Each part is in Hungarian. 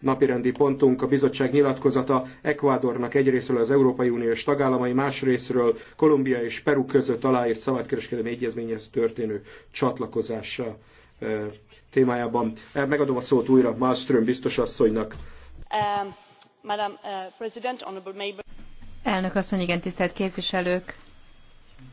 napirendi pontunk a bizottság nyilatkozata Ecuadornak egyrésztről az Európai Uniós tagállamai, másrésztről Kolumbia és Peru között aláírt szabadkereskedelmi egyezményhez történő csatlakozása eh, témájában. Eh, megadom a szót újra Malmström biztos asszonynak. Um, uh, Elnök asszony, igen, tisztelt képviselők!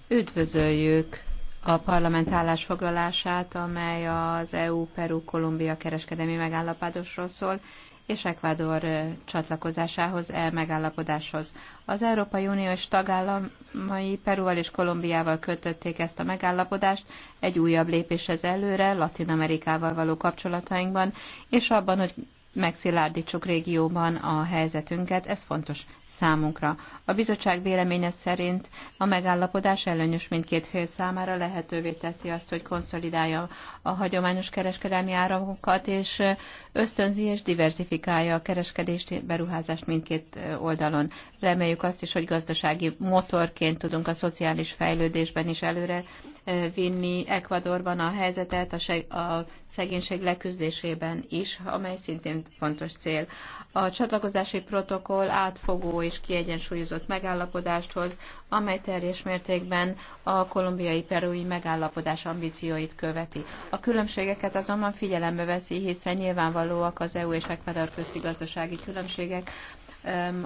Üdvözöljük a parlament állásfoglalását, amely az EU-Peru-Kolumbia kereskedelmi megállapodásról szól és Ecuador csatlakozásához, e megállapodáshoz. Az Európai Unió és tagállamai Peruval és Kolumbiával kötötték ezt a megállapodást egy újabb lépéshez előre Latin Amerikával való kapcsolatainkban, és abban, hogy megszilárdítsuk régióban a helyzetünket, ez fontos számunkra. A bizottság véleménye szerint a megállapodás előnyös mindkét fél számára lehetővé teszi azt, hogy konszolidálja a hagyományos kereskedelmi áramokat, és ösztönzi és diversifikálja a kereskedést, beruházást mindkét oldalon. Reméljük azt is, hogy gazdasági motorként tudunk a szociális fejlődésben is előre eh, vinni Ekvadorban a helyzetet, a, seg- a szegénység leküzdésében is, amely szintén fontos cél. A csatlakozási protokoll átfogó és kiegyensúlyozott megállapodást hoz, amely teljes mértékben a kolumbiai-perui megállapodás ambícióit követi. A különbségeket azonban figyelembe veszi, hiszen nyilvánvalóak az EU és Ecuador közti gazdasági különbségek,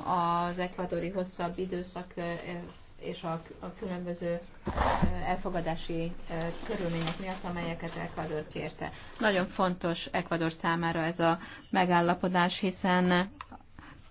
az ekvadori hosszabb időszak és a, a különböző elfogadási körülmények miatt, amelyeket Ecuador kérte. Nagyon fontos Ecuador számára ez a megállapodás, hiszen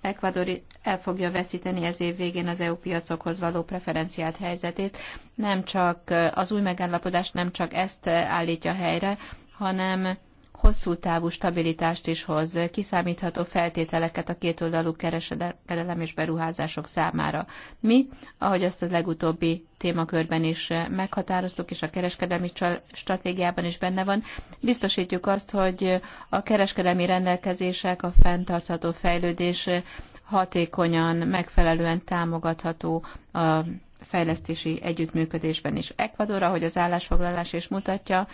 Ecuador el fogja veszíteni ez év végén az EU piacokhoz való preferenciált helyzetét. Nem csak eh, az új megállapodás nem csak ezt eh, állítja helyre, hanem hosszú távú stabilitást is hoz, kiszámítható feltételeket a kétoldalú kereskedelem és beruházások számára. Mi, ahogy azt a legutóbbi témakörben is meghatároztuk, és a kereskedelmi stratégiában is benne van, biztosítjuk azt, hogy a kereskedelmi rendelkezések, a fenntartható fejlődés hatékonyan, megfelelően támogatható a fejlesztési együttműködésben is. Ecuador, ahogy az állásfoglalás is mutatja,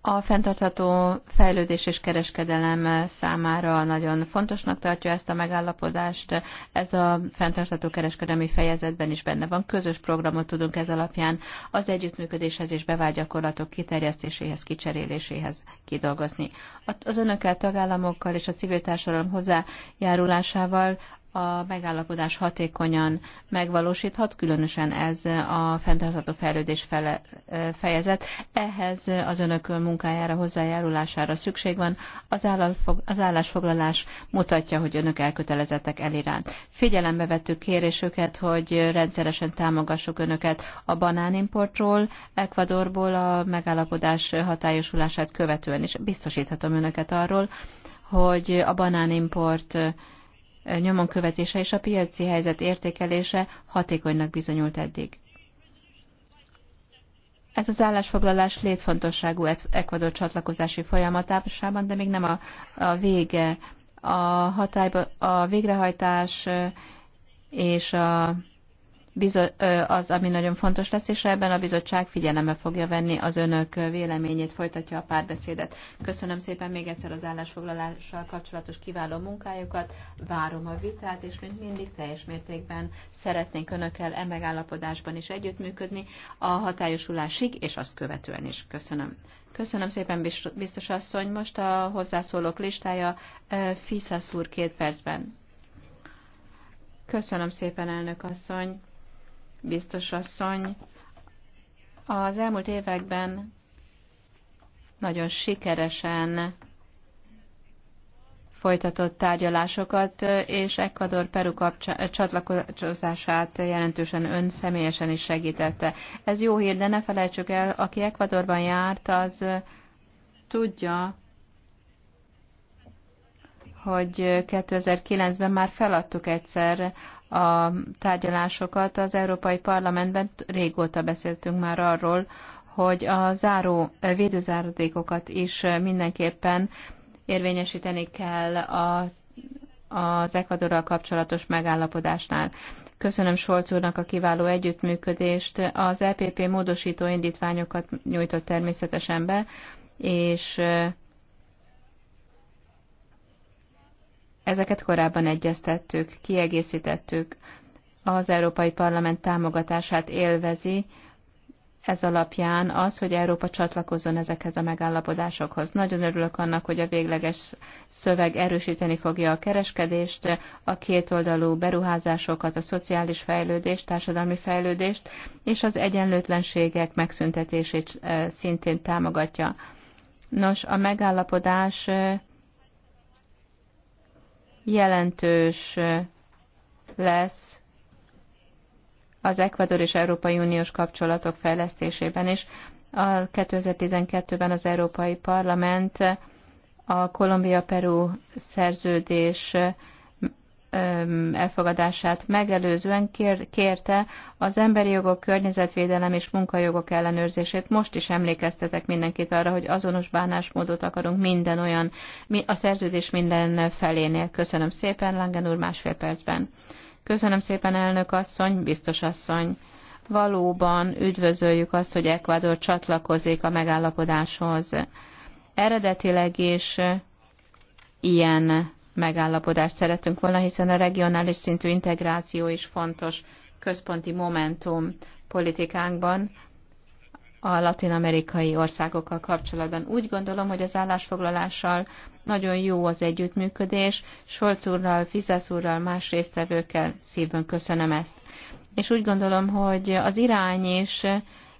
a fenntartható fejlődés és kereskedelem számára nagyon fontosnak tartja ezt a megállapodást. Ez a fenntartható kereskedelmi fejezetben is benne van. Közös programot tudunk ez alapján az együttműködéshez és bevált gyakorlatok kiterjesztéséhez, kicseréléséhez kidolgozni. Az önökkel, tagállamokkal és a civil társadalom hozzájárulásával a megállapodás hatékonyan megvalósíthat, különösen ez a fenntartható fejlődés fele, fejezet. Ehhez az önök munkájára, hozzájárulására szükség van. Az, állalfog, az állásfoglalás mutatja, hogy önök elkötelezettek eliránt. Figyelembe vettük kérésüket, hogy rendszeresen támogassuk önöket a banánimportról, Ecuadorból a megállapodás hatályosulását követően is. Biztosíthatom önöket arról, hogy a banánimport import nyomon követése és a piaci helyzet értékelése hatékonynak bizonyult eddig. Ez az állásfoglalás létfontosságú Ecuador csatlakozási folyamatában, de még nem a, a vége. A, hatályba, a végrehajtás és a az, ami nagyon fontos lesz, és ebben a bizottság figyelembe fogja venni az önök véleményét, folytatja a párbeszédet. Köszönöm szépen még egyszer az állásfoglalással kapcsolatos kiváló munkájukat, várom a vitát, és mint mindig teljes mértékben szeretnénk önökkel e megállapodásban is együttműködni a hatályosulásig, és azt követően is. Köszönöm. Köszönöm szépen, biztos asszony. Most a hozzászólók listája Fiszasz úr két percben. Köszönöm szépen, elnök asszony biztos asszony, az elmúlt években nagyon sikeresen folytatott tárgyalásokat, és Ecuador Peru csatlakozását jelentősen ön személyesen is segítette. Ez jó hír, de ne felejtsük el, aki Ecuadorban járt, az tudja, hogy 2009-ben már feladtuk egyszer a tárgyalásokat. Az Európai Parlamentben régóta beszéltünk már arról, hogy a záró védőzáradékokat is mindenképpen érvényesíteni kell a, az Ekvadorral kapcsolatos megállapodásnál. Köszönöm Solc úrnak a kiváló együttműködést. Az EPP módosító indítványokat nyújtott természetesen be, és Ezeket korábban egyeztettük, kiegészítettük. Az Európai Parlament támogatását élvezi, ez alapján az, hogy Európa csatlakozzon ezekhez a megállapodásokhoz. Nagyon örülök annak, hogy a végleges szöveg erősíteni fogja a kereskedést, a kétoldalú beruházásokat, a szociális fejlődést, társadalmi fejlődést, és az egyenlőtlenségek megszüntetését eh, szintén támogatja. Nos, a megállapodás eh, jelentős lesz az Ekvador és Európai Uniós kapcsolatok fejlesztésében is. A 2012-ben az Európai Parlament a Kolumbia-Peru szerződés elfogadását megelőzően kér, kérte az emberi jogok, környezetvédelem és munkajogok ellenőrzését. Most is emlékeztetek mindenkit arra, hogy azonos bánásmódot akarunk minden olyan, a szerződés minden felénél. Köszönöm szépen, Langen úr, másfél percben. Köszönöm szépen, elnök asszony, biztos asszony. Valóban üdvözöljük azt, hogy Ecuador csatlakozik a megállapodáshoz. Eredetileg is ilyen megállapodást szeretünk volna, hiszen a regionális szintű integráció is fontos központi momentum politikánkban a latin-amerikai országokkal kapcsolatban. Úgy gondolom, hogy az állásfoglalással nagyon jó az együttműködés, Solc úrral, Fizesz úrral, más résztvevőkkel szívben köszönöm ezt. És úgy gondolom, hogy az irány is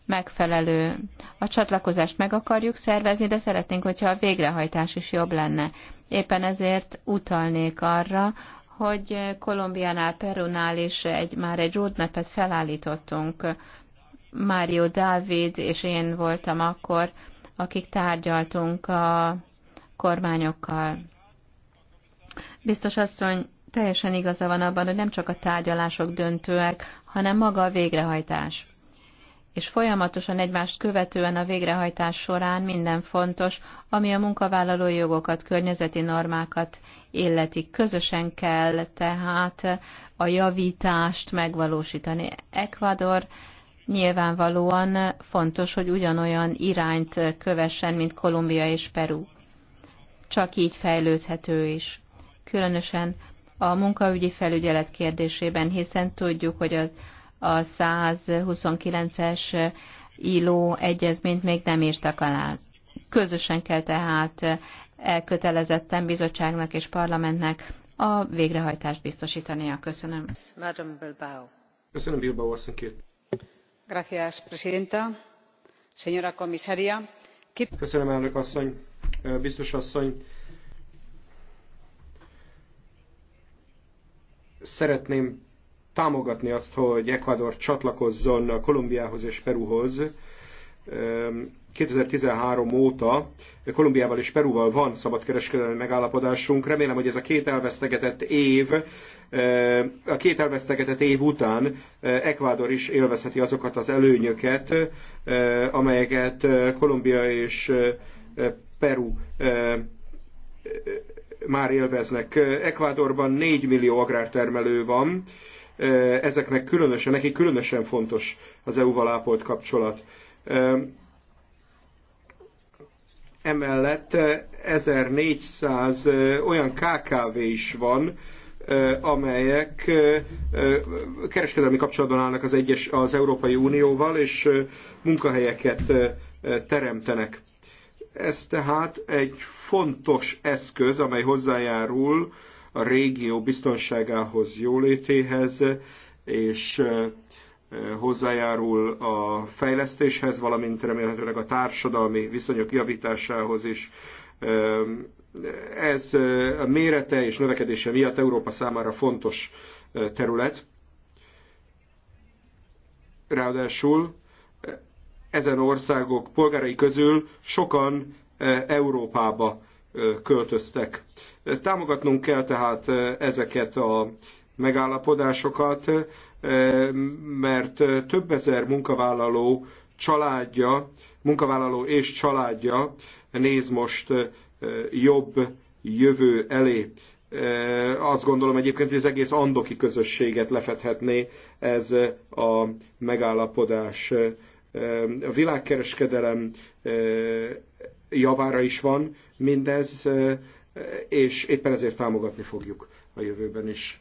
megfelelő. A csatlakozást meg akarjuk szervezni, de szeretnénk, hogyha a végrehajtás is jobb lenne. Éppen ezért utalnék arra, hogy Kolumbiánál, Perunál is egy, már egy roadmap-et felállítottunk. Mário Dávid és én voltam akkor, akik tárgyaltunk a kormányokkal. Biztos asszony, teljesen igaza van abban, hogy nem csak a tárgyalások döntőek, hanem maga a végrehajtás és folyamatosan egymást követően a végrehajtás során minden fontos, ami a munkavállalói jogokat, környezeti normákat illeti. Közösen kell tehát a javítást megvalósítani. Ecuador nyilvánvalóan fontos, hogy ugyanolyan irányt kövessen, mint Kolumbia és Peru. Csak így fejlődhető is. Különösen a munkaügyi felügyelet kérdésében, hiszen tudjuk, hogy az a 129-es iló egyezményt még nem írtak alá. Közösen kell tehát elkötelezetten bizottságnak és parlamentnek a végrehajtást biztosítania. Köszönöm. Madam Bilbao. Köszönöm, Bilbao asszony két. Gracias, presidenta. Señora comisaria. Köszönöm, elnök asszony, biztos asszony. Szeretném támogatni azt, hogy Ecuador csatlakozzon Kolumbiához és Peruhoz. 2013 óta Kolumbiával és Peruval van szabadkereskedelmi megállapodásunk. Remélem, hogy ez a két elvesztegetett év, a két elvesztegetett év után Ecuador is élvezheti azokat az előnyöket, amelyeket Kolumbia és Peru már élveznek. Ecuadorban 4 millió agrártermelő van, Eh, ezeknek különösen, neki különösen fontos az EU-val ápolt kapcsolat. Emellett 1400 eh, eh, olyan KKV is van, amelyek kereskedelmi kapcsolatban állnak az, egyes, az Európai Unióval, és munkahelyeket teremtenek. Ez tehát egy fontos eszköz, amely hozzájárul a régió biztonságához, jólétéhez, és eh, hozzájárul a fejlesztéshez, valamint remélhetőleg a társadalmi viszonyok javításához is. Eh, ez eh, a mérete és növekedése miatt Európa számára fontos terület. Ráadásul ezen országok polgárai közül sokan Európába költöztek. Támogatnunk kell tehát ezeket a megállapodásokat, mert több ezer munkavállaló családja, munkavállaló és családja néz most jobb jövő elé. Azt gondolom egyébként, hogy az egész andoki közösséget lefethetné, ez a megállapodás. A világkereskedelem javára is van mindez, és éppen ezért támogatni fogjuk a jövőben is.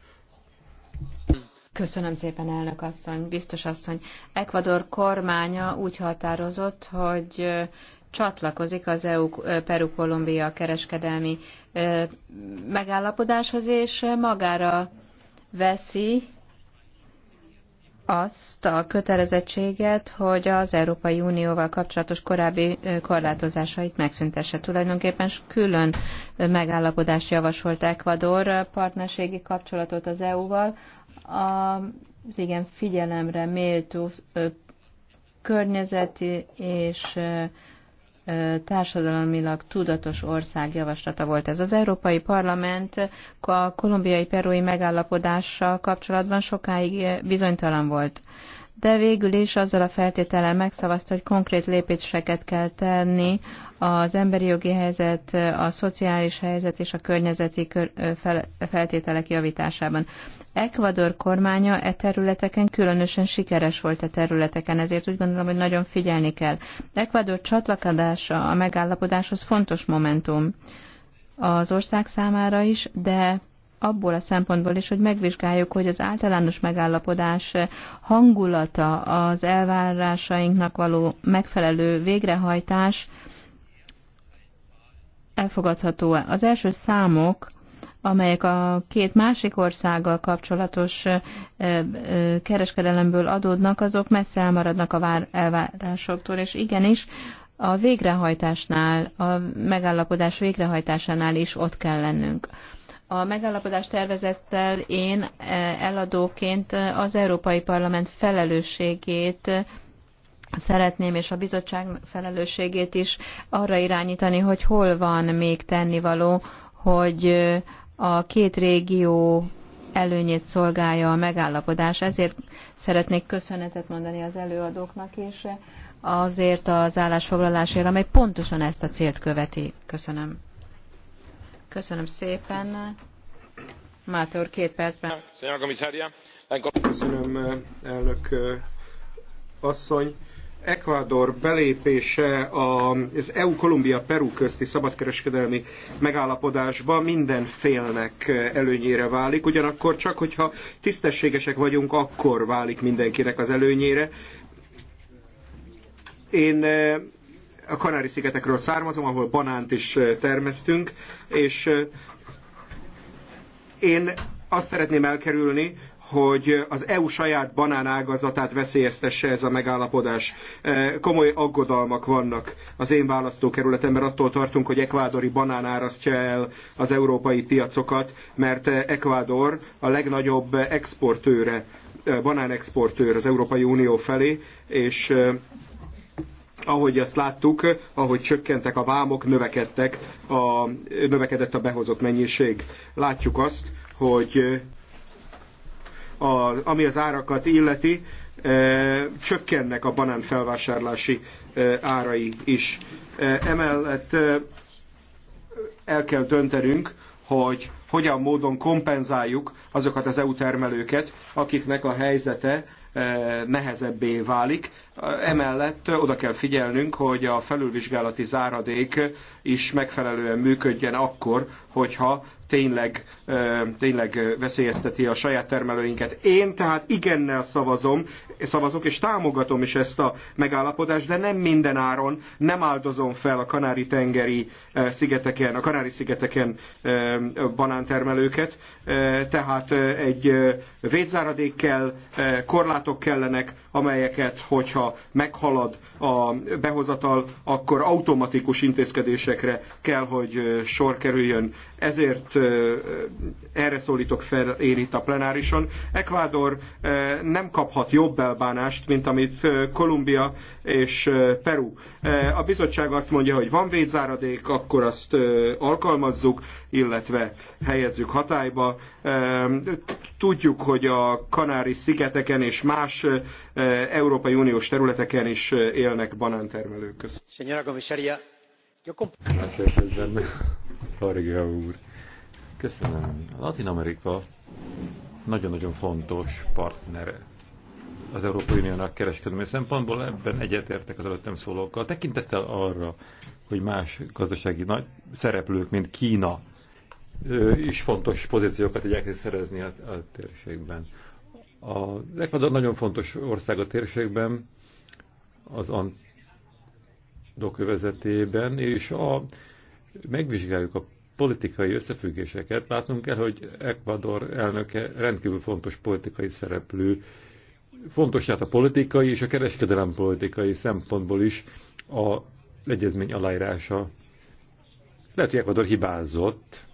Köszönöm szépen, elnök asszony, biztos asszony. Ecuador kormánya úgy határozott, hogy csatlakozik az EU-Peru-Kolumbia kereskedelmi megállapodáshoz, és magára veszi azt a kötelezettséget, hogy az Európai Unióval kapcsolatos korábbi korlátozásait megszüntesse. Tulajdonképpen külön megállapodást javasolt Ecuador partnerségi kapcsolatot az EU-val. Az igen figyelemre méltó környezeti és társadalmilag tudatos ország javaslata volt ez. Az Európai Parlament a kolumbiai-perui megállapodással kapcsolatban sokáig bizonytalan volt de végül is azzal a feltétellel megszavazta, hogy konkrét lépéseket kell tenni az emberi jogi helyzet, a szociális helyzet és a környezeti feltételek javításában. Ecuador kormánya e területeken különösen sikeres volt a területeken, ezért úgy gondolom, hogy nagyon figyelni kell. Ecuador csatlakadása a megállapodáshoz fontos momentum az ország számára is, de abból a szempontból is, hogy megvizsgáljuk, hogy az általános megállapodás hangulata az elvárásainknak való megfelelő végrehajtás elfogadható-e. Az első számok, amelyek a két másik országgal kapcsolatos kereskedelemből adódnak, azok messze elmaradnak a vár elvárásoktól, és igenis a végrehajtásnál, a megállapodás végrehajtásánál is ott kell lennünk. A megállapodás tervezettel én eh, eladóként az Európai Parlament felelősségét szeretném, és a bizottság felelősségét is arra irányítani, hogy hol van még tennivaló, hogy eh, a két régió előnyét szolgálja a megállapodás. Ezért szeretnék köszönetet mondani az előadóknak, és eh, azért az állásfoglalásért, amely pontosan ezt a célt követi. Köszönöm. Köszönöm szépen. Máté úr, két percben. Köszönöm, elnök asszony. Ecuador belépése az EU-Kolumbia-Peru közti szabadkereskedelmi megállapodásba minden félnek előnyére válik, ugyanakkor csak, hogyha tisztességesek vagyunk, akkor válik mindenkinek az előnyére. Én a Kanári-szigetekről származom, ahol banánt is termesztünk, és én azt szeretném elkerülni, hogy az EU saját banánágazatát veszélyeztesse ez a megállapodás. Komoly aggodalmak vannak az én választókerületemben, attól tartunk, hogy ekvádori banán árasztja el az európai piacokat, mert Ekvádor a legnagyobb exportőre, banánexportőr az Európai Unió felé, és ahogy azt láttuk, ahogy csökkentek a vámok, növekedtek a, növekedett a behozott mennyiség. Látjuk azt, hogy a, ami az árakat illeti, e, csökkennek a banán felvásárlási e, árai is. E, emellett e, el kell döntenünk, hogy hogyan módon kompenzáljuk azokat az EU termelőket, akiknek a helyzete nehezebbé válik. Emellett oda kell figyelnünk, hogy a felülvizsgálati záradék is megfelelően működjen akkor, hogyha tényleg, tényleg veszélyezteti a saját termelőinket. Én tehát igennel szavazom, szavazok és támogatom is ezt a megállapodást, de nem minden áron, nem áldozom fel a Kanári-tengeri szigeteken, a Kanári-szigeteken banántermelőket, tehát egy védzáradék kell, korlátok kellenek, amelyeket, hogyha meghalad a behozatal, akkor automatikus intézkedésekre kell, hogy sor kerüljön. Ezért erre szólítok fel én itt a plenárison. Ecuador nem kaphat jobb elbánást, mint amit Kolumbia és Peru. A bizottság azt mondja, hogy van védzáradék, akkor azt alkalmazzuk, illetve helyezzük hatályba. Tudjuk, hogy a Kanári-szigeteken és más Európai Uniós területeken is élnek banántermelők. Señora comisaria, yo... Köszönöm, Farga úr. Köszönöm. A Latin Amerika nagyon-nagyon fontos partnere az Európai Uniónak kereskedelmi szempontból, ebben egyetértek az előttem szólókkal. Tekintettel arra, hogy más gazdasági nagy szereplők, mint Kína, is fontos pozíciókat igyekszik szerezni a, a térségben. A Ecuador nagyon fontos ország a térségben, az Andok és a, megvizsgáljuk a politikai összefüggéseket. Látnunk kell, hogy Ecuador elnöke rendkívül fontos politikai szereplő, fontos a politikai és a kereskedelem politikai szempontból is a egyezmény aláírása. Lehet, hogy Ecuador hibázott,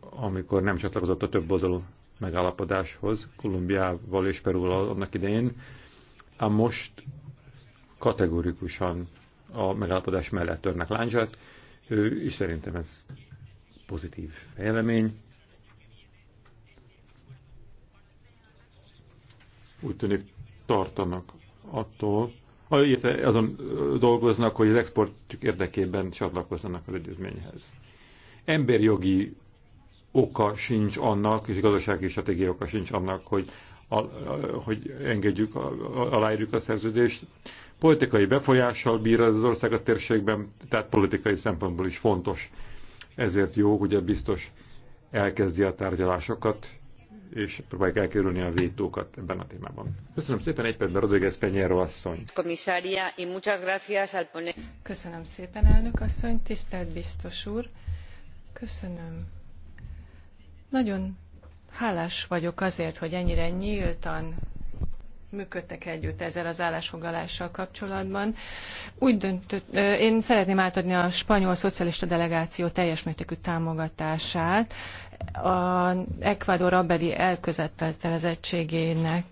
amikor nem csatlakozott a több oldalú megállapodáshoz, Kolumbiával és Perúval annak idején, ám most kategórikusan a megállapodás mellett törnek láncsát, és szerintem ez pozitív fejlemény. Úgy tűnik tartanak attól, azon dolgoznak, hogy az exportjuk érdekében csatlakozzanak az egyezményhez. Emberjogi oka sincs annak, és gazdasági stratégia oka sincs annak, hogy, a, a, hogy engedjük, a, a, aláírjuk a szerződést. Politikai befolyással bír az ország a térségben, tehát politikai szempontból is fontos ezért jó, hogy a biztos elkezdi a tárgyalásokat, és próbálják elkerülni a vétókat ebben a témában. Köszönöm szépen egy percben Rodriguez Penyero asszony. Köszönöm szépen, elnök asszony, tisztelt biztos úr. Köszönöm. Nagyon hálás vagyok azért, hogy ennyire nyíltan működtek együtt ezzel az állásfoglalással kapcsolatban. Úgy döntött, én szeretném átadni a spanyol szocialista delegáció teljes mértékű támogatását a Ecuador abeli elközettelezettségének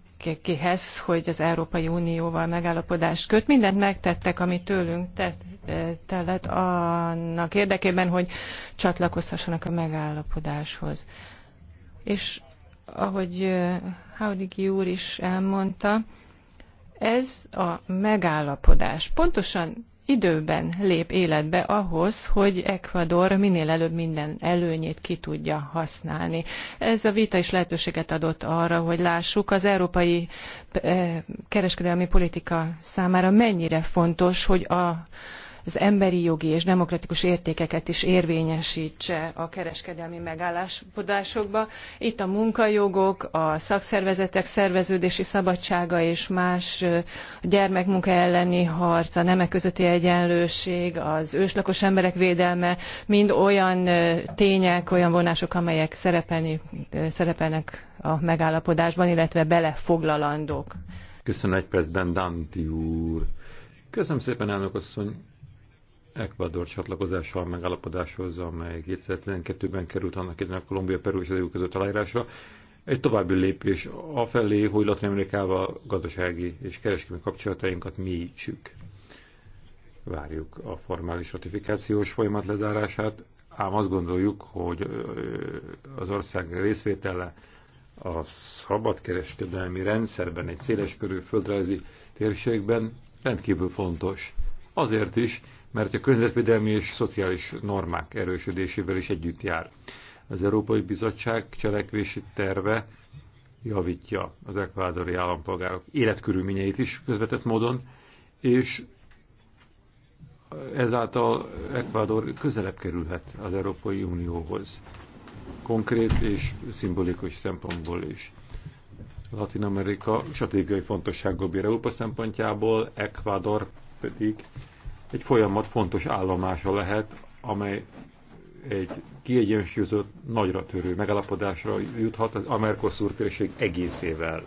kihez, hogy az Európai Unióval megállapodást köt. Mindent megtettek, ami tőlünk telett annak érdekében, hogy csatlakozhassanak a megállapodáshoz. És ahogy Haudigi úr is elmondta, ez a megállapodás pontosan időben lép életbe ahhoz, hogy Ecuador minél előbb minden előnyét ki tudja használni. Ez a vita is lehetőséget adott arra, hogy lássuk az európai eh, kereskedelmi politika számára mennyire fontos, hogy a az emberi jogi és demokratikus értékeket is érvényesítse a kereskedelmi megállapodásokba. Itt a munkajogok, a szakszervezetek szerveződési szabadsága és más gyermekmunka elleni harc, a nemek közötti egyenlőség, az őslakos emberek védelme, mind olyan tények, olyan vonások, amelyek szerepelni, szerepelnek a megállapodásban, illetve belefoglalandók. Köszönöm egy percben, Danti úr. Köszönöm szépen, elnök asszony. Ecuador csatlakozással megállapodáshoz, amely 2012-ben került annak idején a Kolumbia, Peru és az EU között találásra Egy további lépés afelé, hogy Latin Amerikával gazdasági és kereskedelmi kapcsolatainkat mélyítsük. Várjuk a formális ratifikációs folyamat lezárását, ám azt gondoljuk, hogy az ország részvétele a szabadkereskedelmi rendszerben, egy széleskörű földrajzi térségben rendkívül fontos. Azért is, mert a környezetvédelmi és szociális normák erősödésével is együtt jár. Az Európai Bizottság cselekvési terve javítja az ekvádori állampolgárok életkörülményeit is közvetett módon, és ezáltal Ekvádor közelebb kerülhet az Európai Unióhoz, konkrét és szimbolikus szempontból is. Latin Amerika stratégiai fontosságú bír Európa szempontjából, Ekvádor pedig egy folyamat fontos állomása lehet, amely egy kiegyensúlyozott, nagyra törő megállapodásra juthat az Amerkoszúr térség egészével.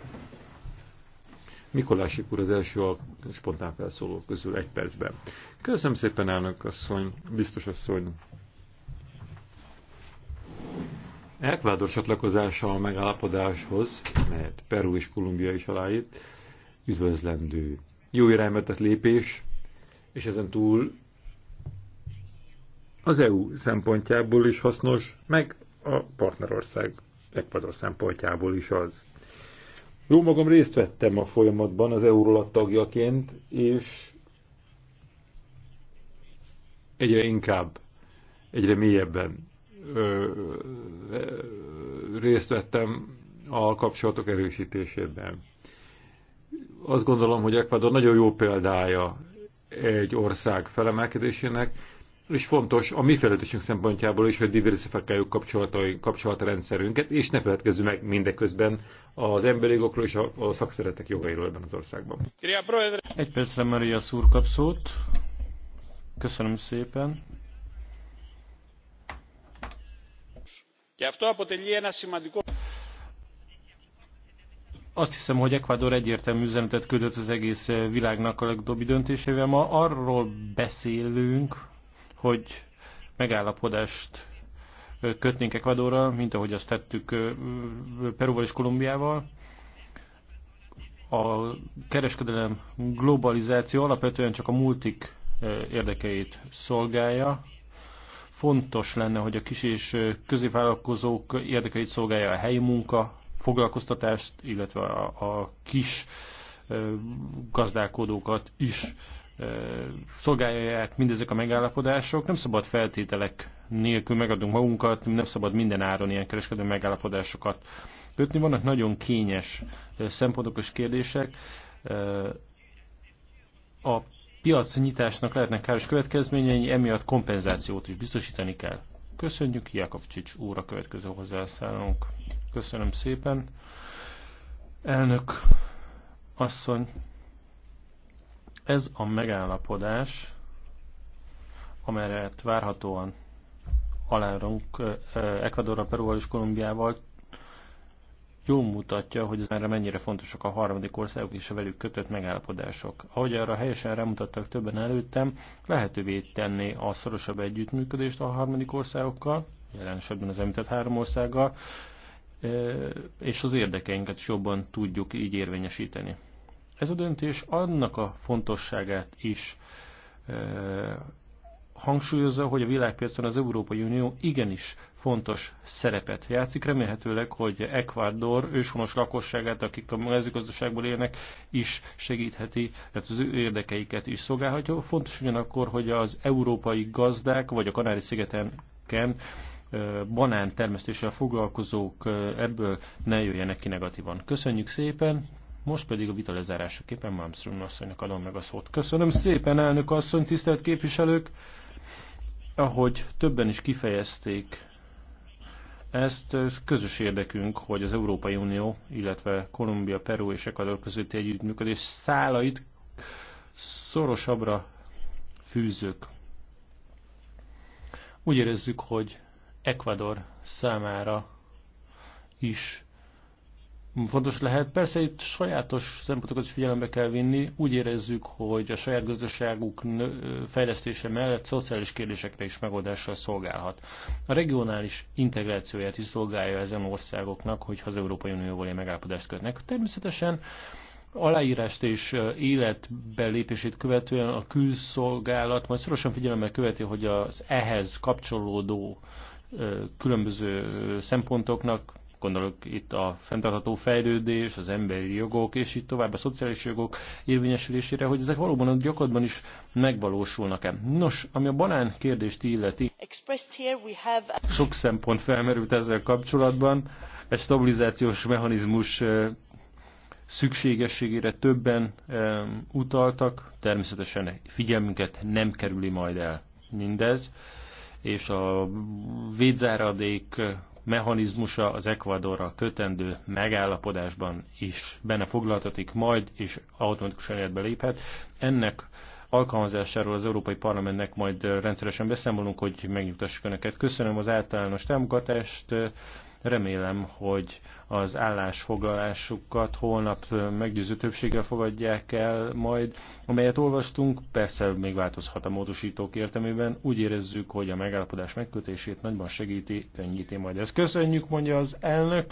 Mikolási úr az első a spontán felszóló közül egy percben. Köszönöm szépen, elnök asszony, biztos asszony. Ekvádor csatlakozása a megállapodáshoz, mert Peru és Kolumbia is aláírt, üdvözlendő. Jó irányvetett tett lépés, és ezen túl az EU szempontjából is hasznos, meg a partnerország Ecuador szempontjából is az. Jó magam részt vettem a folyamatban az Eurolat tagjaként, és egyre inkább, egyre mélyebben ö, ö, részt vettem a kapcsolatok erősítésében. Azt gondolom, hogy Ecuador nagyon jó példája egy ország felemelkedésének, és fontos a mi felelősségünk szempontjából is, hogy diversifikáljuk kapcsolatrendszerünket, és ne feledkezzünk meg mindeközben az emberi jogokról és a, a szakszeretek jogairól ebben az országban. Egy percre Maria Szúr kap Köszönöm szépen. Azt hiszem, hogy Ecuador egyértelmű üzenetet küldött az egész világnak a legdobbi döntésével. Ma arról beszélünk, hogy megállapodást kötnénk Ecuadorral, mint ahogy azt tettük Perúval és Kolumbiával. A kereskedelem globalizáció alapvetően csak a multik érdekeit szolgálja. Fontos lenne, hogy a kis és középvállalkozók érdekeit szolgálja a helyi munka, foglalkoztatást, illetve a, a kis gazdálkodókat is szolgálják mindezek a megállapodások. Nem szabad feltételek nélkül megadunk magunkat, nem szabad minden áron ilyen kereskedő megállapodásokat kötni. Vannak nagyon kényes szempontok és kérdések. A piac nyitásnak lehetnek káros következményei, emiatt kompenzációt is biztosítani kell. Köszönjük, Jakovcsics úr a következő hozzászállónk. Köszönöm szépen. Elnök asszony, ez a megállapodás, amelyet várhatóan alárunk Ecuadorra, Perúval és Kolumbiával, jól mutatja, hogy már mennyire fontosak a harmadik országok és a velük kötött megállapodások. Ahogy arra helyesen rámutattak többen előttem, lehetővé tenni a szorosabb együttműködést a harmadik országokkal, jelen esetben az említett három országgal, és az érdekeinket is jobban tudjuk így érvényesíteni. Ez a döntés annak a fontosságát is hangsúlyozza, hogy a világpiacon az Európai Unió igenis fontos szerepet játszik. Remélhetőleg, hogy Ecuador őshonos lakosságát, akik a mezőgazdaságból élnek, is segítheti, tehát az ő érdekeiket is szolgálhatja. Fontos ugyanakkor, hogy az európai gazdák, vagy a Kanári-szigeteken banán termesztéssel foglalkozók ebből ne jöjjenek ki negatívan. Köszönjük szépen, most pedig a vita lezárásaképpen Malmström asszonynak adom meg a szót. Köszönöm szépen, elnök asszony, tisztelt képviselők! Ahogy többen is kifejezték, ezt közös érdekünk, hogy az Európai Unió, illetve Kolumbia, Peru és Ecuador közötti együttműködés szálait szorosabbra fűzök. Úgy érezzük, hogy Ecuador számára is fontos lehet. Persze itt sajátos szempontokat is figyelembe kell vinni. Úgy érezzük, hogy a saját gazdaságuk fejlesztése mellett szociális kérdésekre is megoldással szolgálhat. A regionális integrációját is szolgálja ezen országoknak, hogyha az Európai Unióval ilyen megállapodást kötnek. Természetesen aláírást és életbelépését követően a külszolgálat majd szorosan figyelemmel követi, hogy az ehhez kapcsolódó különböző szempontoknak, gondolok itt a fenntartható fejlődés, az emberi jogok, és itt tovább a szociális jogok érvényesülésére, hogy ezek valóban a gyakorlatban is megvalósulnak-e. Nos, ami a banán kérdést illeti, sok szempont felmerült ezzel kapcsolatban, egy stabilizációs mechanizmus szükségességére többen utaltak, természetesen figyelmünket nem kerüli majd el mindez és a védzáradék mechanizmusa az Ecuadorra kötendő megállapodásban is benne foglaltatik majd, és automatikusan életbe léphet. Ennek alkalmazásáról az Európai Parlamentnek majd rendszeresen beszámolunk, hogy megnyugtassuk Önöket. Köszönöm az általános támogatást. Remélem, hogy az állásfoglalásukat holnap meggyőző többséggel fogadják el majd, amelyet olvastunk, persze még változhat a módosítók értelmében, úgy érezzük, hogy a megállapodás megkötését nagyban segíti, könnyíti majd. Ezt köszönjük, mondja az elnök.